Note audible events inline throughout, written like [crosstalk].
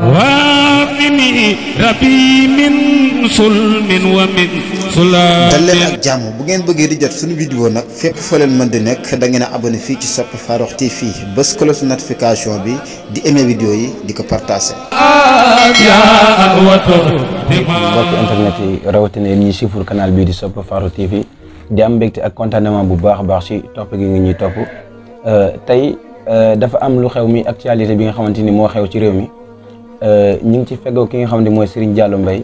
waamini rabbi min sulmin wa min sulaam dal leen ak jàmm bu ngeen bëggee di jot suñu vidéo nag fépp foo leen mën di nekk dangeen ngeen a abonné fii ci Sope Farokh TV bés cloche notification bi di aimé vidéo yi di ko partagé mbokki internet yi rawatina yéen ñuy suivre canal bii di Sope Farokh TV di am mbégte ak contentement bu baax a baax ci topp gi nga ñuy topp euh, tey euh, dafa am lu xew mi actualité bi nga xamante ni moo xew ci réew mi Euh, ñu ngi ci fegoo ki nga xam ne mooy Serigne Diallo Mbaye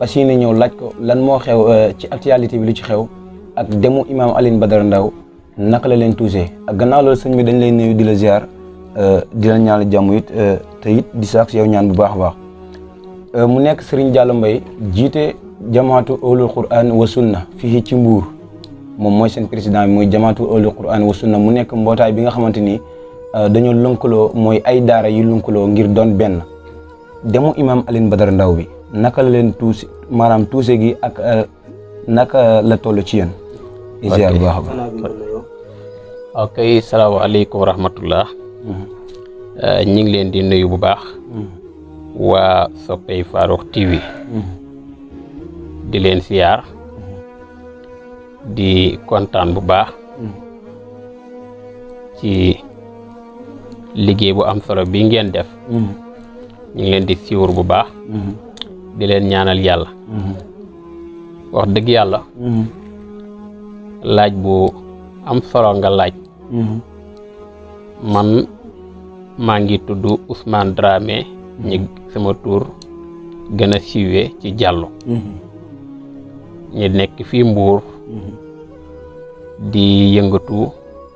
fas yéene ñëw laaj ko lan moo xew euh, ci actualité bi lu ci xew ak demu imaam Alioune Badara ndaw naka la leen touché ak gannaaw loolu sëñ bi dañ lay nuyu di la ziar euh, di la ñaanal jàmm it te it di ñaan bu baax a baax mu nekk Serigne Diallo Mbaye jiite jamaatu ahlul quran wa sunna fii ci Mbuur moom mooy seen président mooy jamaatu ahlul quran wa sunna mu nekk mbootaay bi nga xamante ni dañoo lënkaloo mooy ay daara yu lënkaloo ngir doon benn demu imam Alioune Badara ndaw bi naka la leen tuusi maanaam tuuse gi ak euh, naka la toll ci yéen. ziar bu baax a ok salaamaaleykum wa rahmatullah mhm. euh, ñi ngi leen di nuyu bu baax. Mhm. waa soppey Farokh TV. Mhm. di leen siyaar. di kontaan bu baax. ci liggéey bu am solo bi ngeen def. ñu ngi leen di siwur bu baax mm-hmm. di leen ñaanal yàlla mm-hmm. wax dëgg yàlla mm-hmm. laaj bu am solo nga laaj man maa ngi tudd Ousmane Dramé ñi sama tuur gën a siiwee ci Diallo ñi nekk fi Mbuur di yëngatu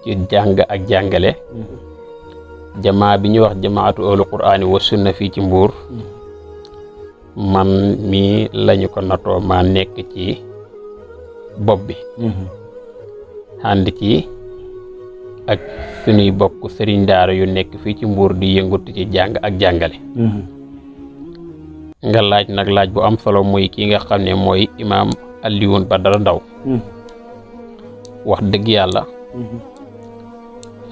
ci jàng ak jàngale jamaa bi ñu wax jamaatu ahlul quraani wa sunna fi ci mbuur man mi lañu ko nato ma nekk ci bob bi hand mhm. ci ak suñuy bokk serigne daara yu nekk fi ci mbuur di yëngut ci jàng ak jàngale mhm. nga laaj nag laaj bu am solo muy ki nga xam ne mooy imaam Alioune Badara Ndaw mhm. wax dëgg yàlla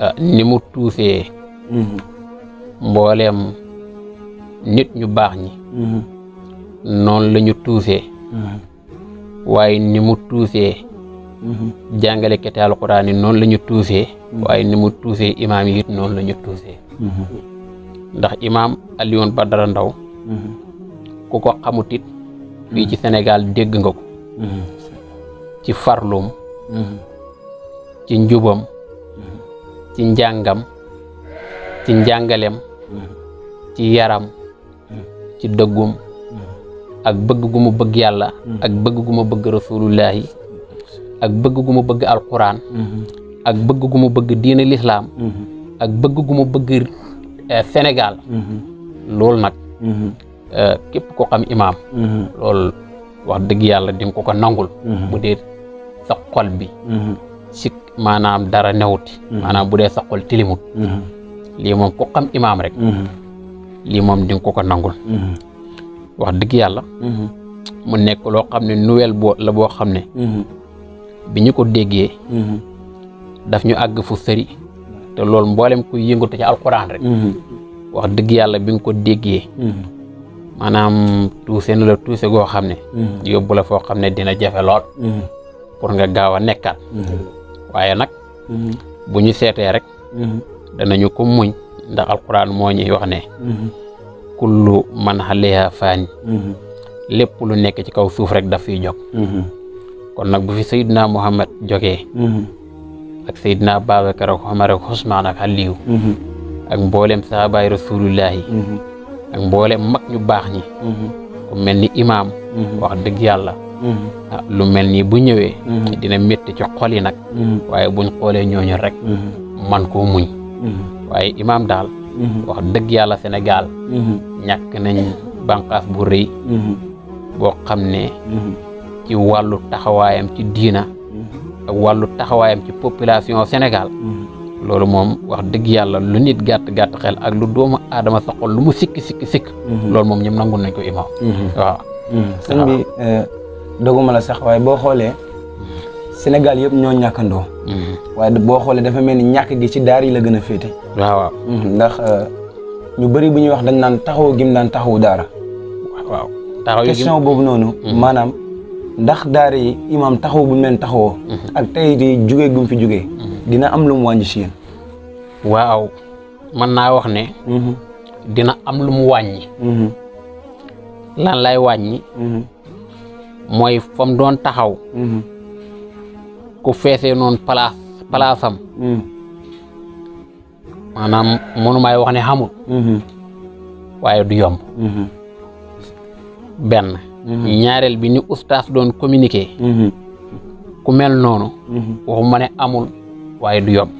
ah, ni mu tuusee Mm-hmm. mbooleem nit ñu baax ñi mm-hmm. non la ñu tuusee mm-hmm. waaye ni mu tuusee jàngalekate alquran yi non la ñu tuusee waaye ni mu tuusee imaam yi it noonu la ñu imam ndax imaam Alioune Badara Ndao ku ko xamut it fii ci Sénégal dégg nga ko ci farlum ci njubam ci njàngam ci njàngaleem ci yaram ci dëggum ak bëgg gu ma bëgg yàlla ak bëgg gu ma bëgg rasulullahi ak bëgg gu ma bëgg alkuraan ak bëgg gu ma bëgg diine lislaam ak bëgg gu ma bëgg eh, senegal loolu nag eh, képp ko xam imaam loolu wax dëgg yàlla di ko ko nangul bu dee sa bi si maanaam dara newut maanaam bu dee sa tilimut lii moom ku xam imaam rek. Mm-hmm. lii moom di ko ko nangul. Mm-hmm. wax dëgg yàlla. Mm-hmm. mu nekk loo xam ne nouvelle boo la boo xam ne. bi ñu ko déggee. daf ñu àgg fu sëri te loolu mboolem kuy yëngatu ci alquran rek. wax dëgg yàlla bi nga ko déggee. maanaam tuuse na la tuuse goo xam ne. yóbbu la foo xam ne dina jafe lool. pour nga gaaw a nekkaat. waaye nag bu ñu seetee rek. danañu ko muñ ndax alquran moo ñuy wax ne mhm. kullu man xaliha mhm. lépp lu nekk ci kaw suuf rek daf fiy jóg mhm. kon nag bu fi sayidna muhammad jógee ak sayidna babacar ak mbooleem ak usmaan mboolem mag ñu baax ñi ku mel ni imaam wax dëgg yàlla ah, lu mel nii bu ñëwee dina metti ci xol yi nag waaye buñ xoolee ñooñu rek man koo muñ waaye imaam daal mhm. wax dëgg yàlla Sénégal mhm. ñàkk nañ bànqaas bu rëy mhm. boo xam ne ci wàllu taxawaayam ci diina ak wàllu taxawaayam ci population Sénégal loolu moom wax dëgg yàlla lu nit gàtt-gàtt xel ak lu doomu aadama sa lu mu sikki sikki sikk loolu moom ñoom nangu nañ ko imaam waaw sëñ euh, doguma la sax boo xoolee Sénégal yëpp ñoo ñàkkandoo. Mhm. waaye boo xoolee dafa mel ni ñàkk gi ci daar yi la gën a féete. waaw mhm, ndax euh, ñu bari bu ñuy wax dañ naan taxawu gim daan taxawu daara. waaw taxawu question boobu noonu. Mhm. maanaam ndax daara yi imaam taxawu bu mu leen taxawoo. ak tey di jugee gum fi jugee. dina am lu mu wàññi si waaw man naa wax ne. dina am lu mu wàññi. lan lay wàññi. mooy fam doon taxaw. ku feesee noonu place place am hmm. maanaam wax ne xamul hmm. waaye du yomb hmm. benn ñaareel bi ni ustaas doon communiquer ku mel noonu waxuma ne amul waaye du yomb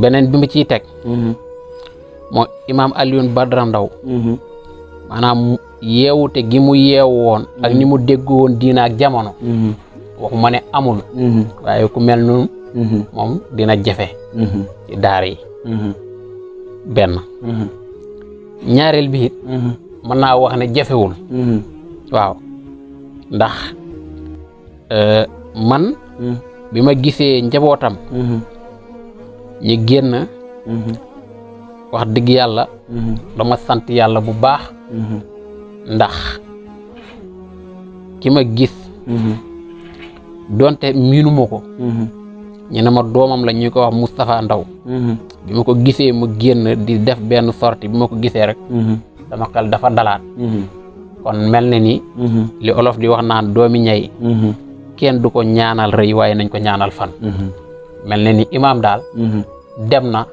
beneen bi mu ciy teg moo imaam Alioune Badara Ndaw yeewute gi mu yeew woon ak ni mu dégg woon diina ak jamono mhm. waxuma ne amul mhm. waaye ku mel noonu mhm. moom dina jafe ci daara yi benn ñaareel bi it naa wax jafewul waaw euh, man bi ma gisee njabootam ñi génn wax dëgg yàlla dama sant yàlla bu baax ndax ki ma gis mhm. donte miinuma ko mhm. ñu ne ma doomam la ñu ko wax Moustapha Ndaw mhm. bi ma ko gisee mu génn di def benn sortie bi ma ko gisee rek sama xel dafa dalaat kon mel na ni li olof di wax naan doomi ñay kenn du ko ñaanal rëy waaye nañ ko ñaanal fan mel na ni imaam daal dem na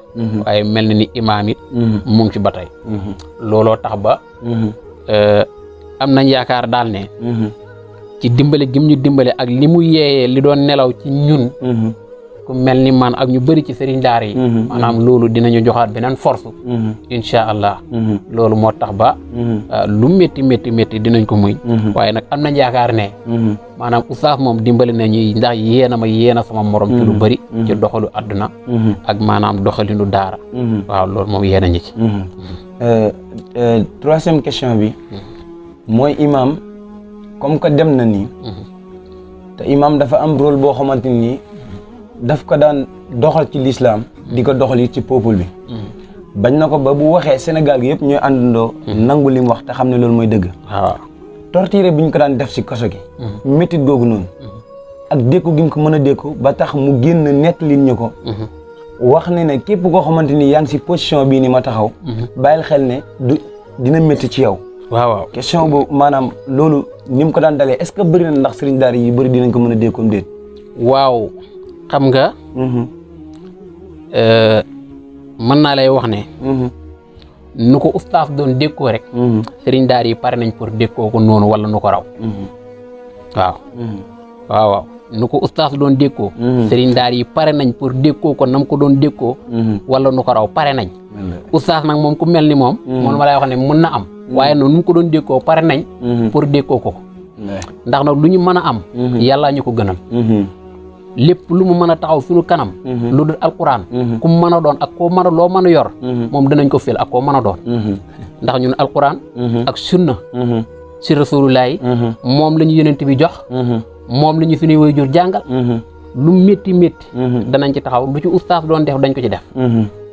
waaye mel na ni imaam it mu ngi ba tey looloo tax ba am nañ yaakaar daal ne mm-hmm. ci dimbale gim ñu dimbale ak li mu yeeyee li doon nelaw ci ñun mm-hmm. ku mel ni man ak ñu bëri ci sëriñ daara yi mhm. maanaam loolu dinañu joxaat beneen force mhm. incha allah mhm. loolu moo tax ba ah, lu métti métti métti dinañ ko muy waaye nag am nañ yaakaar ne maanaam oustaz moom dimbali nañu ndax yéena ma yéena sama morom ci lu bëri ci doxalu adduna ak maanaam doxalinu daara waaw loolu moom yéena ñi ci euh, euh, troisième question bi mooy imam comme que dem na nii te imam dafa am rôle boo xamante daf ko daan doxal ci lislaam di ko doxal yi ci peuple bi bañ na ko ba bu waxee Sénégal gi yëpp ñooy àndandoo nangu li wax te xam ne loolu mooy dëgg waaw torturé bi ñu ko daan def si kaso gi métit mhm. googu noonu ak dékku gi ñu ko mën a dékku ba tax mu génn nettali ñu ko mhm. wax ne ne képp koo xamante ni yaa ngi si position bii ni ma taxaw mhm. bàyyil xel ne du dina métti ci yow waaw waaw question bu maanaam loolu ni mu ko daan dalee est-ce que bëri na ndax sëriñ daara yi bëri dinañ ko mën a dékkoom déet xam nga. Mm-hmm. Euh, mën naa lay wax ne. Mm-hmm. nu ko ustaaf doon déggoo rek. Mm-hmm. sëriñ daara yi pare nañ pour déggoo ko noonu wala nu ko raw. waaw. waaw waaw nu ko ustaaf doon déggoo. sëriñ daara yi pare nañ pour déggoo ko nam ko doon déggoo. wala nu ko raw pare nañ. ustaaf nag moom ku mel ni moom. moom ma lay wax ne mën na am. waaye noonu nu ko doon déggoo pare nañ. pour déggoo ko. ndax nag lu ñu mën a am. yàlla ñu ko gënal. lépp lu mu mën a taxaw fi nu kanam mhm. lu dul alquran mhm. ku mu mën a doon ak koo mën a loo mën a yor mhm. moom dinañ ko fil ak koo mën a doon ndax ñun alquran ak sunna si rasulullah moom la ñu yonent bi jox moom la ñu fi nuy way jur jàngal lu métti métti danañ ci taxaw lu ci ustaas doon def dañ ko ci def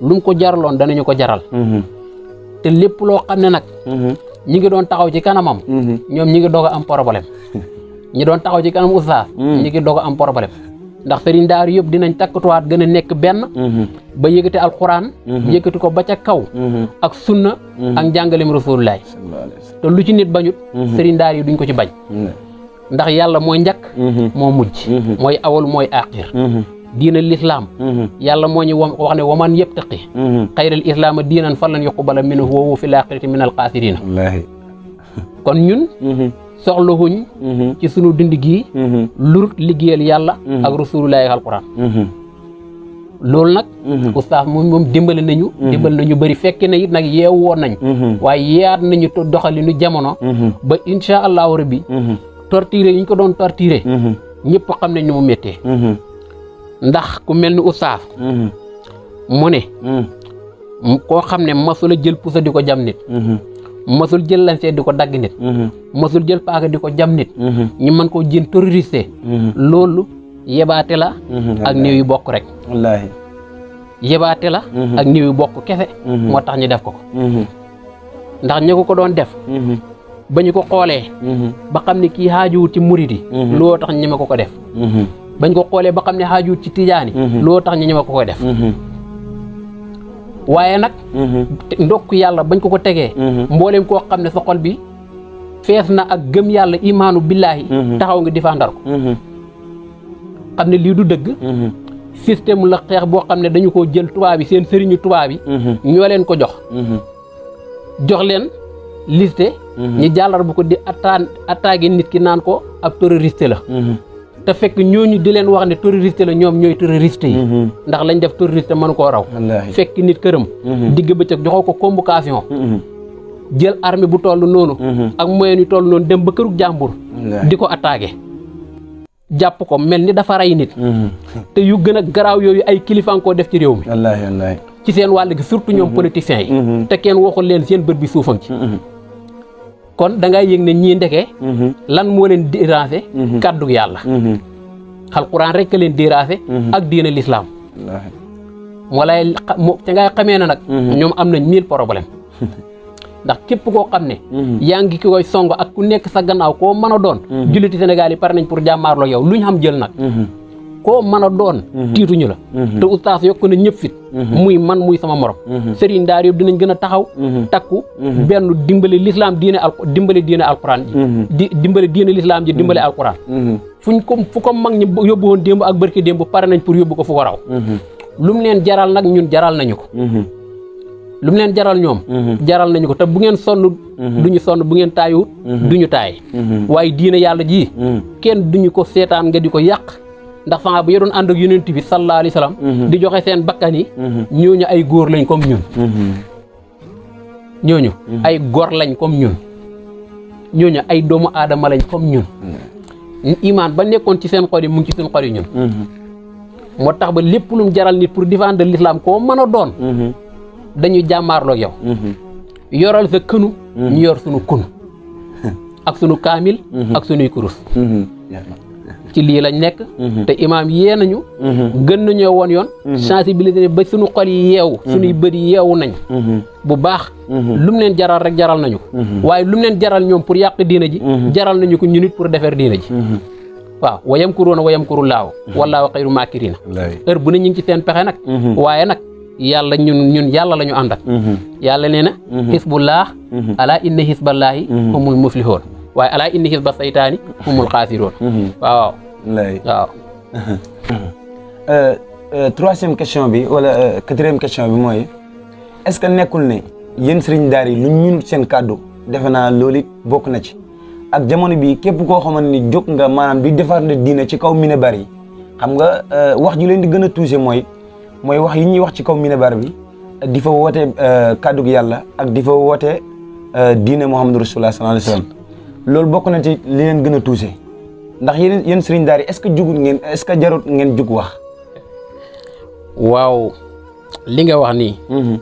lu ko jaraloon danañu ko jaral te lépp loo xam ne nag ñi ngi doon taxaw ci kanamam ñoom ñi ngi doog a am problème [laughs] ñi doon taxaw ci kanam ustaas mm. ñi ngi doog a am problème ndax sëriñ daara yëpp dinañ takkatuwaat gën a nekk benn mhm. ba yëkkati alxuraan mhm. yëkkati ko ba ca kaw mhm. ak sunna ak njàngaleem rasulullaay te lu ci nit bañut sëriñ yi duñ ko ci bañ ndax yàlla mooy njëkk moo mujj mooy awal mooy aaxir diina lislaam yàlla moo ñu wax ne waman yabtaqi xayral islaama diinan falan yuqbala minhu wa huwa fil aaxirati min alxaasiriina kon ñun soxlawuñ mhm. ci suñu dund gii mhm. lurut liggéeyal yàlla mhm. ak rasululaahi alquran loolu nag oustaz moom moom dimbali nañu dimbali nañu bëri fekke na it nag yeew woon nañ waaye yeeyaat nañu to doxalinu jamono ba insha allahu rabbi torturé yi ñu ko doon torturé ñëpp xam nañ ni mu méttee ndax ku mel ni oustaz mu ne koo xam ne masula jël pusa di ko jam nit mosul jël lancé di ko dagg nit mhm. mosul jël paaka di ko jam nit mhm. ñu mën koo jin terroriste mhm. loolu yebaate la ak néew yu bokk rek wallaahi yebaate la ak néew yu bokk kese moo tax ñu def ko ko ndax ñi ko ko doon def ba ko xoolee ba xam ni kii xaajuwut ci murid yi loo tax ñeme ko ko def bañ ko xoolee ba xam ne xaajuwut ci tijaani loo tax ñu ñeme ko ko def waaye nag. Mhm. ndokk yàlla bañ ko ko tegee. Mhm. mbooleem koo xam ne sa xol bi fees na ak gëm yàlla imaanu billaahi. Mhm. taxaw nga difaandar ko. xam ne lii du dëgg. système la xeex boo xam ne dañu ko jël tubaab yi seen sëriñu tubaab yi. ñoo leen ko jox. jox leen liste. ñu jàllar bu ko di attaan attaqué nit ki naan ko ab terroriste la. te fekk ñooñu di leen wax ne terroriste la ñoom ñooy terroriste yi mhm. ndax lañ def terroriste mënu koo raw fekk nit këram mhm. digg bëccëg joxoo ko convocation mhm. jël armée bu toll noonu ak moyen yu toll noonu dem ba kërug jàmbur di ko attaqué jàpp ko mel ni dafa rey nit te yu gën a garaaw yooyu ay kilifaang koo def ci réew mi ci seen wàll gi surtout ñoom politiciens yi te kenn waxul leen seen bët bi suufam ci kon da ngay yëg ne ñii ndeke mhm. lan moo leen déranger mhm. kàddug yàlla mhm. alquran rek leen déranger ak diina lislaam moo lay ca ngay xamee na nag ñoom am nañ mille problème [laughs] ndax képp koo xam ne yaa ngi ki koy song ak ku nekk sa gannaaw koo mën a doon julliti Sénégal yi pare nañ pour jàmmaarloo yow luñ xam jël nag koo mën a doon mhm. tiituñu la mhm. te oustaz yokk na ñëpp fit mhm. muy man muy sama morom sëriñ daar yëpp dinañ gën a taxaw takku benn dimbale lislaam diina al dimbale diine alquran ji di dimbale diine lislaam ji dimbale alquran fuñ ko fu ko mag ñi yóbbu woon démb ak barki démb pare nañ pour yóbbu ko fu ko raw lu mu leen jaral nag ñun jaral nañu ko lu mu leen jaral ñoom jaral nañu ko te bu ngeen sonn duñu sonn bu ngeen taayut duñu taay waaye diine yàlla ji kenn duñu ko seetaan nga di ko yàq ndax fanga bu yeron and ak yonent bi sallallahu alayhi wasallam mhm. di joxe sen bakkan ñooñu ay goor lañ comme ñun ñooñu ay góor lañ comme ñun mhm. Mhm. ñooñu ay doomu lañ comme ñun iman ba nekkon ci sen xol yi mu ngi ci seen xol yi ñun moo tax ba lépp lum jaral nit pour défendre l'islam ko mëna doon dañu jàmmaarloo yow yoral sa kënu ñu yor sunu kun [laughs] ak sunu kamil ak sunuy kurus ci lii lañ nekk mhm. te imaam yee nañu mhm. gën nañoo woon yoon mhm. sensibiliser ba suñu xol yi yeewu suñuy bët yi yeewu nañ bu baax lu mu leen jaral rek jaral nañu ko waaye lu mu leen jaral ñoom pour yàq diina ji jaral nañu ko ñu nit pour defar diina ji waaw wayam kuroona wayam kuru laaw wallaahu xayru maakiriina heure bu ne ñu ngi ci seen pexe nag waaye nag yàlla ñun ñun yàlla la ñu àndal yàlla nee na xisbullah ala inna xisballaahi humul muflihoon waaye alaa inni xisba saytaani humul xaasiroon mhm. waaw waaw [laughs] euh, euh, troisième question bi wala euh, quatrième question bi mooy est ce que nekkul ne yéen sëriñ daar yi lu ñunut seen kàddu defe naa loolu it bokk na ci ak jamono bi képp koo xamante ni jóg nga maanaam di defar ne diina ci kaw minebar yi xam nga wax ju leen di gën a touché mooy mooy wax yi ñuy wax ci kaw minebar bi di fa woote kàddug yàlla ak di fa woote diine Muhammadu Rasulullah sallallahu alayhi wa sallam loolu bokk na ci li leen gën a touché ndax yéen yéen sëriñ daara est-ce que jugut ngeen est-ce que jarut ngeen jug wax. waaw li nga wax nii. Mhm.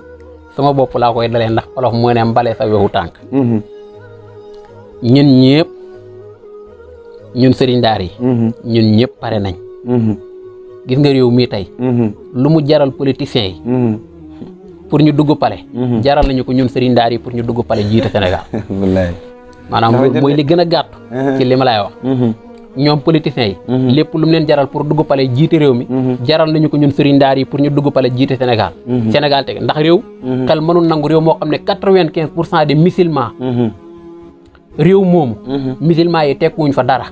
sama bopp laa koy dalee ndax olof moo ne mbale sa wewu tànk. Mhm. ñun ñëpp ñun sëriñ daara yi. Mhm. ñun ñëpp pare nañ. gis nga réew mii tey. lu mu jaral politiciens yi. pour ñu dugg pale. jaral nañu ko ñun sëriñ daara yi pour ñu dugg pale jiite Sénégal. [laughs] wallaay. maanaam mooy li gën a gàtt uh-huh. ci li ma lay wax mm-hmm. ñoom politiciens yi mm-hmm. lépp lu mu leen jaral pour dugg pale jiite réew mi mm-hmm. jaral nañu ko ñun sëriñ yi pour ñu dugg pale jiite Sénégal Sénégal teg ndax réew xel mënul nangu réew moo xam ne quatre-vingt-quinze pour cent des musulmans réew moomu musulmans yi tekkuwuñ fa dara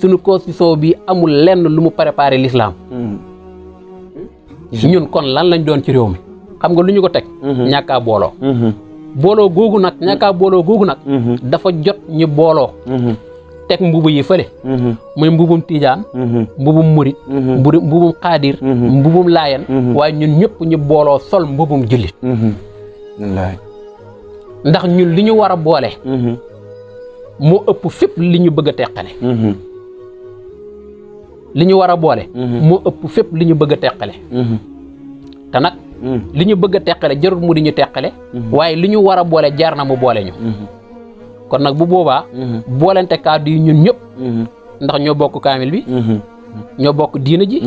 suñu constitution bi amul lenn lu mu préparé l'islam ñun kon lan lañ doon ci réew mi xam nga lu ñu ko teg ñàkkaa booloo booloo googu nag mm-hmm. ñàkkaa booloo googu nag mm-hmm. dafa jot ñu booloo mm-hmm. teg mbubu yi fële muy mbubum tiijaan mbubum murit mbubum xaadir mbubum laayan waaye ñun ñëpp ñu booloo sol mbubum jullit ndax ñun li ñu war a boole moo ëpp fépp li ñu bëgg a teqale li ñu war a boole moo ëpp fépp li ñu bëgg a teqale te nag Mm-hmm. li ñu bëgg a teqale jarul mu di ñu teqale mm-hmm. waaye li ñu war a boole jaar na mu boole ñu mm-hmm. kon nag bu boobaa boolente kàddu yi ñun ñëpp ndax ñoo bokk kaamil bi ñoo bokk diina ji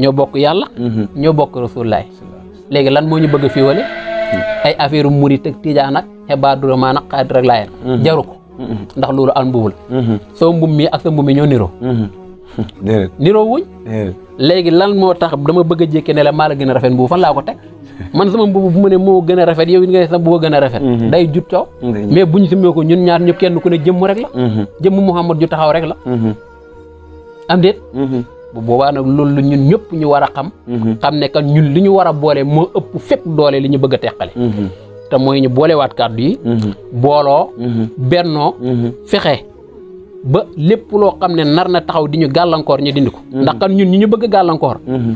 ñoo bokk yàlla ñoo bokk rasulaay léegi lan moo ñu bëgg a fiiwale ay affaire murit ak tijaan ak xebaadura maa nag xaadir ak laayeen jaru ko ndax loolu al mbubu la soo mbub mi ak sa mbub ñoo niroo [laughs] niroo wuñ léegi lan moo tax dama bëgg a jékkee ne la maa la gën a rafet mbubu fan laa ko teg man sama mbubu bu ma ne moo gën a rafet yow it nga ne sama mbubu gën a rafet mhm. day jut coow mais bu buñu simee ko ñu ñaar ñu kenn ku ne jëmm rek la mhm. jëmm Mouhamad ju taxaw rek la mhm. am déet boobaa nag loolu ñun ñëpp ñu war a xam xam ne kan ñun li ñu war a boole moo ëpp fépp doole li ñu bëgg a teqale te mooy ñu boolewaat kàddu yi booloo bennoo fexe ba lépp loo xam ne nar na taxaw di ñu gàllankoor ñu dindi ko. Mm-hmm. ndax kan ñun ñu ñu bëgg gàllankoor. Mm-hmm.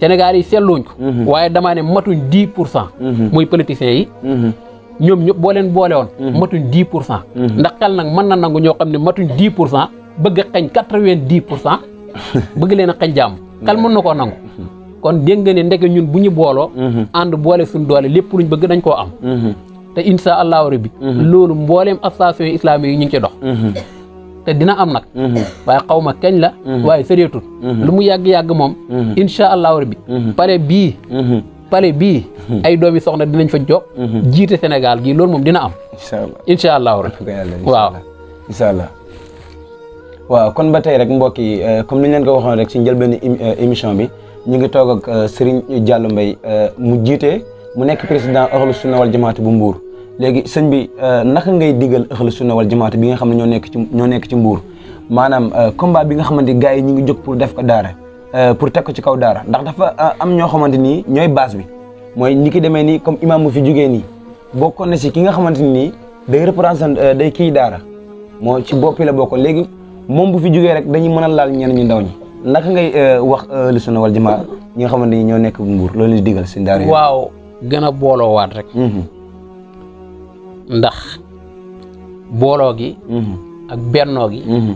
Sénégal yi seetluñ ko. Mm-hmm. waaye damaa ne matuñ dix pour cent. muy politiciens yi. ñoom ñu boo leen boole woon. matuñ dix pour cent. ndax xel nag mën na nangu ñoo xam ne matuñ dix pour cent bëgg a xañ quatre vingt di pour cent [laughs] bëgg leen a jàmm xel mën na koo nangu. kon dégg nga ne ndeke ñun bu ñu booloo. ànd boole suñu doole lépp luñ bëgg dañ koo am. te incha allahu rabbi. loolu mbooleem association islamique yi ñu ngi ci dox. te dina am nag mhm. waaye xaw ma kañ la mhm. waaye sëreetul mhm. lu mu yàgg-yàgg moom incha allahu rabbi pare bii pare bii ay doomi soxna dinañ fa jox jiite Sénégal gii loolu moom dina am incha allahu rabbi waaw incha allah waaw kon ba tey rek mbokk yi euh, comme ni ñu ko waxoon rek si njëlbéenu euh, émission bi ñu ngi toog ak euh, Serigne Diallo Mbaye mu jiite mu nekk président Ahlu Sunna wal Jamaatu bu Mbour léegi sëñ bi euh, naka ngay digal ahlu sunna wal jamaata bi nga xam ne ñoo nekk ci ñoo nekk ci mbuur maanaam euh, combat bi nga xamante ni gars yi ñu ngi jóg pour def ko daara euh, pour teg ko ci kaw daara ndax dafa am ñoo xamante ni ñooy base bi mooy ñi ki demee nii comme imam mu fi jógee nii bokkoon na si ki nga xamante nii day day kii daara moo ci boppi la bokkoon léegi moom bu fi jógee rek dañuy mën a laal ñenn ñu ndaw ñi naka ngay wax ahlu sunna wal jamaa ñi nga xamante ni ñoo nekk mbuur loolu la digal seen daara waaw gën a waat rek mm-hmm. ndax booloo gi mhm. ak bennoo gi mhm.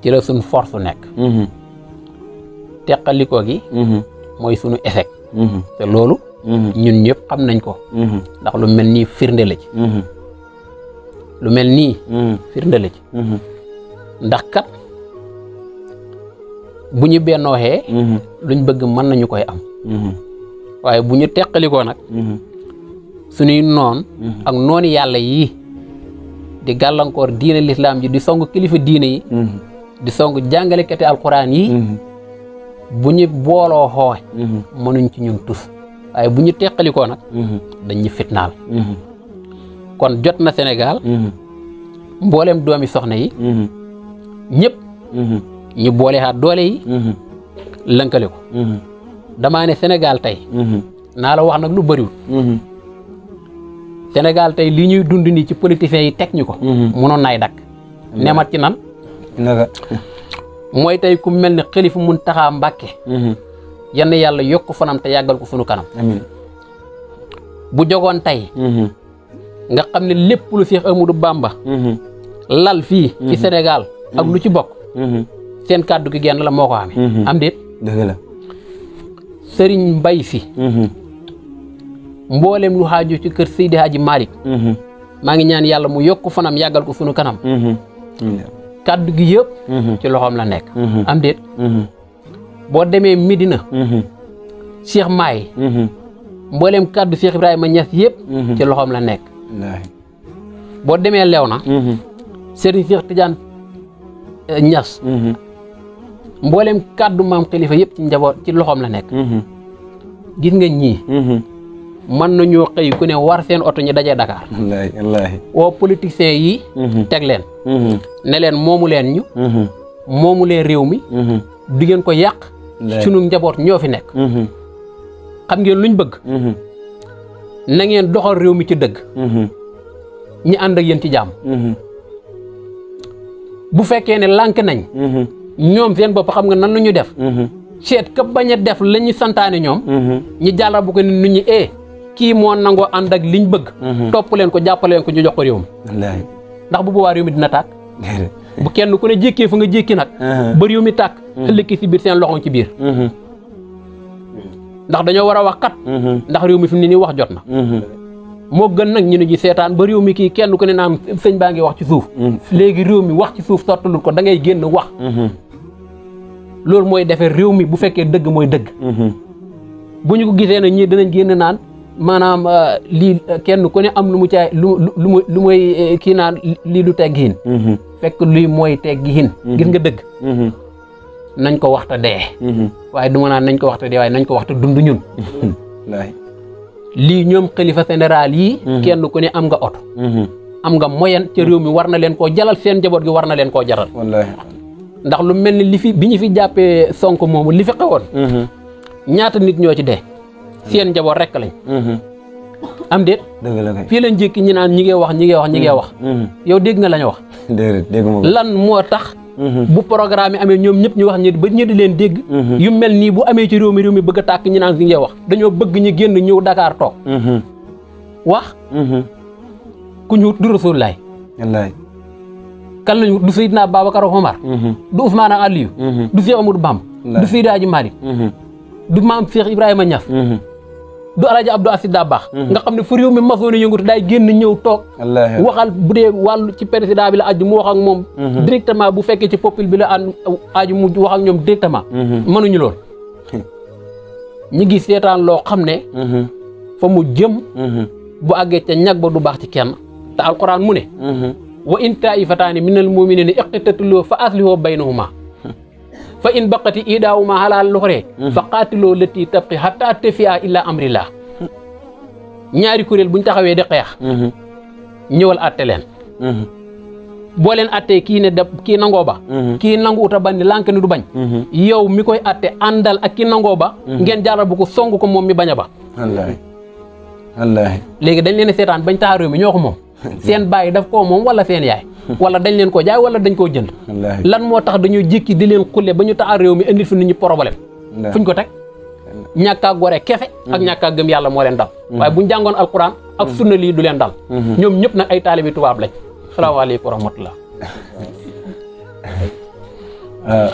ci la suñ force nekk mhm. teqaliko gi mooy sunu échec te loolu ñun ñëpp xam nañ ko ndax lu mel nii firnde la ci lu mel nii firnde la ci ndax kat bu ñu bennooxee luñ bëgg mën nañu koy am waaye bu ñu teqalikoo nag suñuy noon mhm. ak nooni yàlla yii di gàllankoor diine lislaam ji di song kilifa diine yi mhm. di song jàngalekati alquran yi mhm. bu ñu booloo xooy mënuñ ci ñun tus waaye bu ñu teqalikoo nag dañ ñu fitnaal kon jot na Sénégal mbooleem doomi soxna yi ñëpp ñu boole xaat doole yi lënkale ko damaa ne Sénégal tey naa la wax nag lu bëriwul Sénégal tey li ñuy dund nii ci politiciens yi teg ñu ko. mënoon mhm. naay dakk mhm. nemat ci nan. mooy tey ku mel ne Xalifa Muntaxa Mbàkke. Mhm. yenn yàlla yokk fanam te yàggal ko sunu kanam. bu jogoon tey. nga xam ne lépp lu Seex Amadou Bamba. lal fii. ci Sénégal ak lu ci bokk. seen kàddu gi genn la moo ko amee. am déet. dëgg la si. mboolem lu xaaju ci kër sii Seydi Hadji Malick mhm. maa ngi ñaan yàlla mu yokk fanam yàggal ko sunu kanam mhm. kaddu gi yëpp mhm. ci loxoom la nekk boo demee midina Cheikh Maay mboolem kaddu Cheikh Ibrahima Niass yëpp ci loxoom la nekk boo demee Léona Serigne Cheikh Tidiane eh, Niass mboolem kàddu maam xalifa yëpp ci njaboot ci loxoom la nekk gis nga ñii mën nañoo xëy ku ne war seen oto ñu dajee Dakar. wallaahi wallaahi. woo yi. Mhm. teg leen. Mhm. ne leen moomu leen ñu. Mhm. moomu leen réew mi. di ko yàq. sunu njaboot ñoo fi nekk. xam ngeen luñ bëgg. na ngeen doxal réew mi ci dëgg. ñi ànd ak yéen ci jàmm. bu fekkee ne lànk nañ. ñoom seen bopp xam nga nan la ñuy def. seet ka bañ def la ñu ñoom. ñi jàllal bu ko nit ñi ee. Eh, kii moo nangoo ànd ak liñ bëgg mhm. topp leen ko jàppaleen ko ñu jox ko réewam ndax bu boobaa réew mi dina tàkk [laughs] bu kenn ku ne jékkee fu nga jékki nag mhm. ba réew mi tàkk mhm. ëllëg si biir seen loxoñ ci biir ndax dañoo war a wax kat ndax réew mi fi mu nii wax jot na moo gën nag ñu ne ji seetaan ba réew mi kii kenn ku ne naan sëñ baa ngi wax ci suuf léegi réew mi wax ci suuf sottalul ko dangay génn wax loolu mooy defee réew mi bu fekkee dëgg mooy dëgg bu ñu ko gisee ne ñii dinañ génn naan maanaam euh, lii euh, kenn ku ne am lu mu caa lu lu lu muy euh, kii naan lii du teggiin mhm. fekk luy mooy teggiin mhm. gis nga dëgg mhm. nañ ko waxta dee waaye du ma naan nañ ko waxta dee waaye nañ ko waxta dund ñun lii ñoom xalifa général yii kenn ku ne am nga oto am nga moyen ca réew mi war na leen koo jalal seen njaboot gi war na leen koo jaral ndax lu mel ni li fi bi ñu fi jàppee sonk moomu li fi xewoon ñaata nit ñoo ci dee seen njaboot rek lañ. Mm-hmm. am déet. dëgg la kay fii lañ jékki ñi naan ñi ngay wax ñi ngay wax ñi ngay wax. Mm-hmm. Mm-hmm. yow dégg nga la ñu wax. lan moo tax. bu programme yi amee ñoom ñëpp ñu wax ñi ba ñi di leen dégg. yu mel nii bu amee ci réew mi réew mi bëgg a tàkk ñi naan li ngay wax dañoo bëgg ñu génn ñëw Dakar toog. wax. ku ñu du Rasulullaay. wallaay. kan lañu du Seydina Babacar Omar. du Ousmane du Cheikh Amadou du Seydi Hadji du maam Cheikh Ibrahima Niass. du alaaji Abdou Aziz Dabakh mhm. nga xam ne fu réew mi masoon a yëngatu daay génn ñëw toog waxal bu dee wàllu ci président bi la aju mu wax ak moom mhm. directement bu fekkee ci peuple bi la ànd aju mu wax ak ñoom directement mhm. mënuñu lool [laughs] ñi ngi seetaan loo xam ne fa mu jëm bu àggee ca ñag ba du baax ci kenn te alquran mu ne wa in taifataani ne muminina iqtatiloo fa aslihoo baynahuma fa in baqati idaawuma halal loxore hmm. fa qaatiloo lëtti tabqi hatta tefiya illa amrillah ñaari kuréel buñ taxawee di xeex hmm. ñëwal atte leen hmm. boo leen attee kii ne dab kii nangoo ba kii nangu uta bañ ne lànk ni du bañ yow mi koy atte àndal ak kii nangoo ba ngeen jaaral bu ko song ko moom mi bañ a ba wallaahi léegi dañ leen seetaan bañ taxaw réew mi moom [laughs] seen baay def koo moom wala seen yaay [laughs] wala dañ leen koo jaay wala dañ koo jënd lan moo tax dañoo jékki di leen xulle ba ñu taxaw réew mi indi fi nit ñi problème fuñ ko teg ñàkk a gore kefe mm-hmm. ak ñàkk gëm yàlla moo leen dal mm-hmm. waaye bu jàngoon alquran ak mm-hmm. sunna lii du leen dal ñoom ñëpp nag ay taalibi tubaab lañ salaamaaleykum wa rahmatullah [laughs] ah.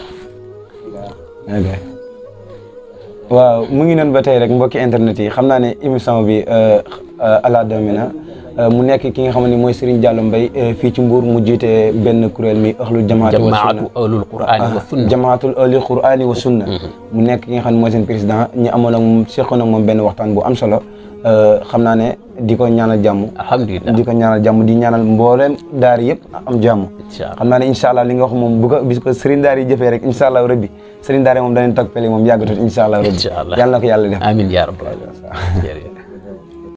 waaw mu ngi noonu ba tey rek mbokki internet yi xam naa ne émission bi ala euh, euh, domina Euh, mu nekk ki nga xam ne mooy Serigne Diallo bay euh, fii ci Mbour mu jiite benn kuréel mi ahlul jamaatu wa sunna jamaatul ahlul qur'ani wa sunna ah, mm-hmm. mu nekk ki nga xam ne mooy seen président ñu amoon ak moom seqoon ak moom benn waxtaan bu am solo euh, xam naa ne di ko ñaanal jàmm alhamdulilah di ko ñaanal jàmm di ñaanal mbooleem daari yëpp am jàmm xam naa ne incha allah li nga wax moom bu ko bis ko Serigne Daara yi jëfee rek incha allah rabbi Serigne Daara moom daneen toog pele moom yàlla na ko yàlla [laughs]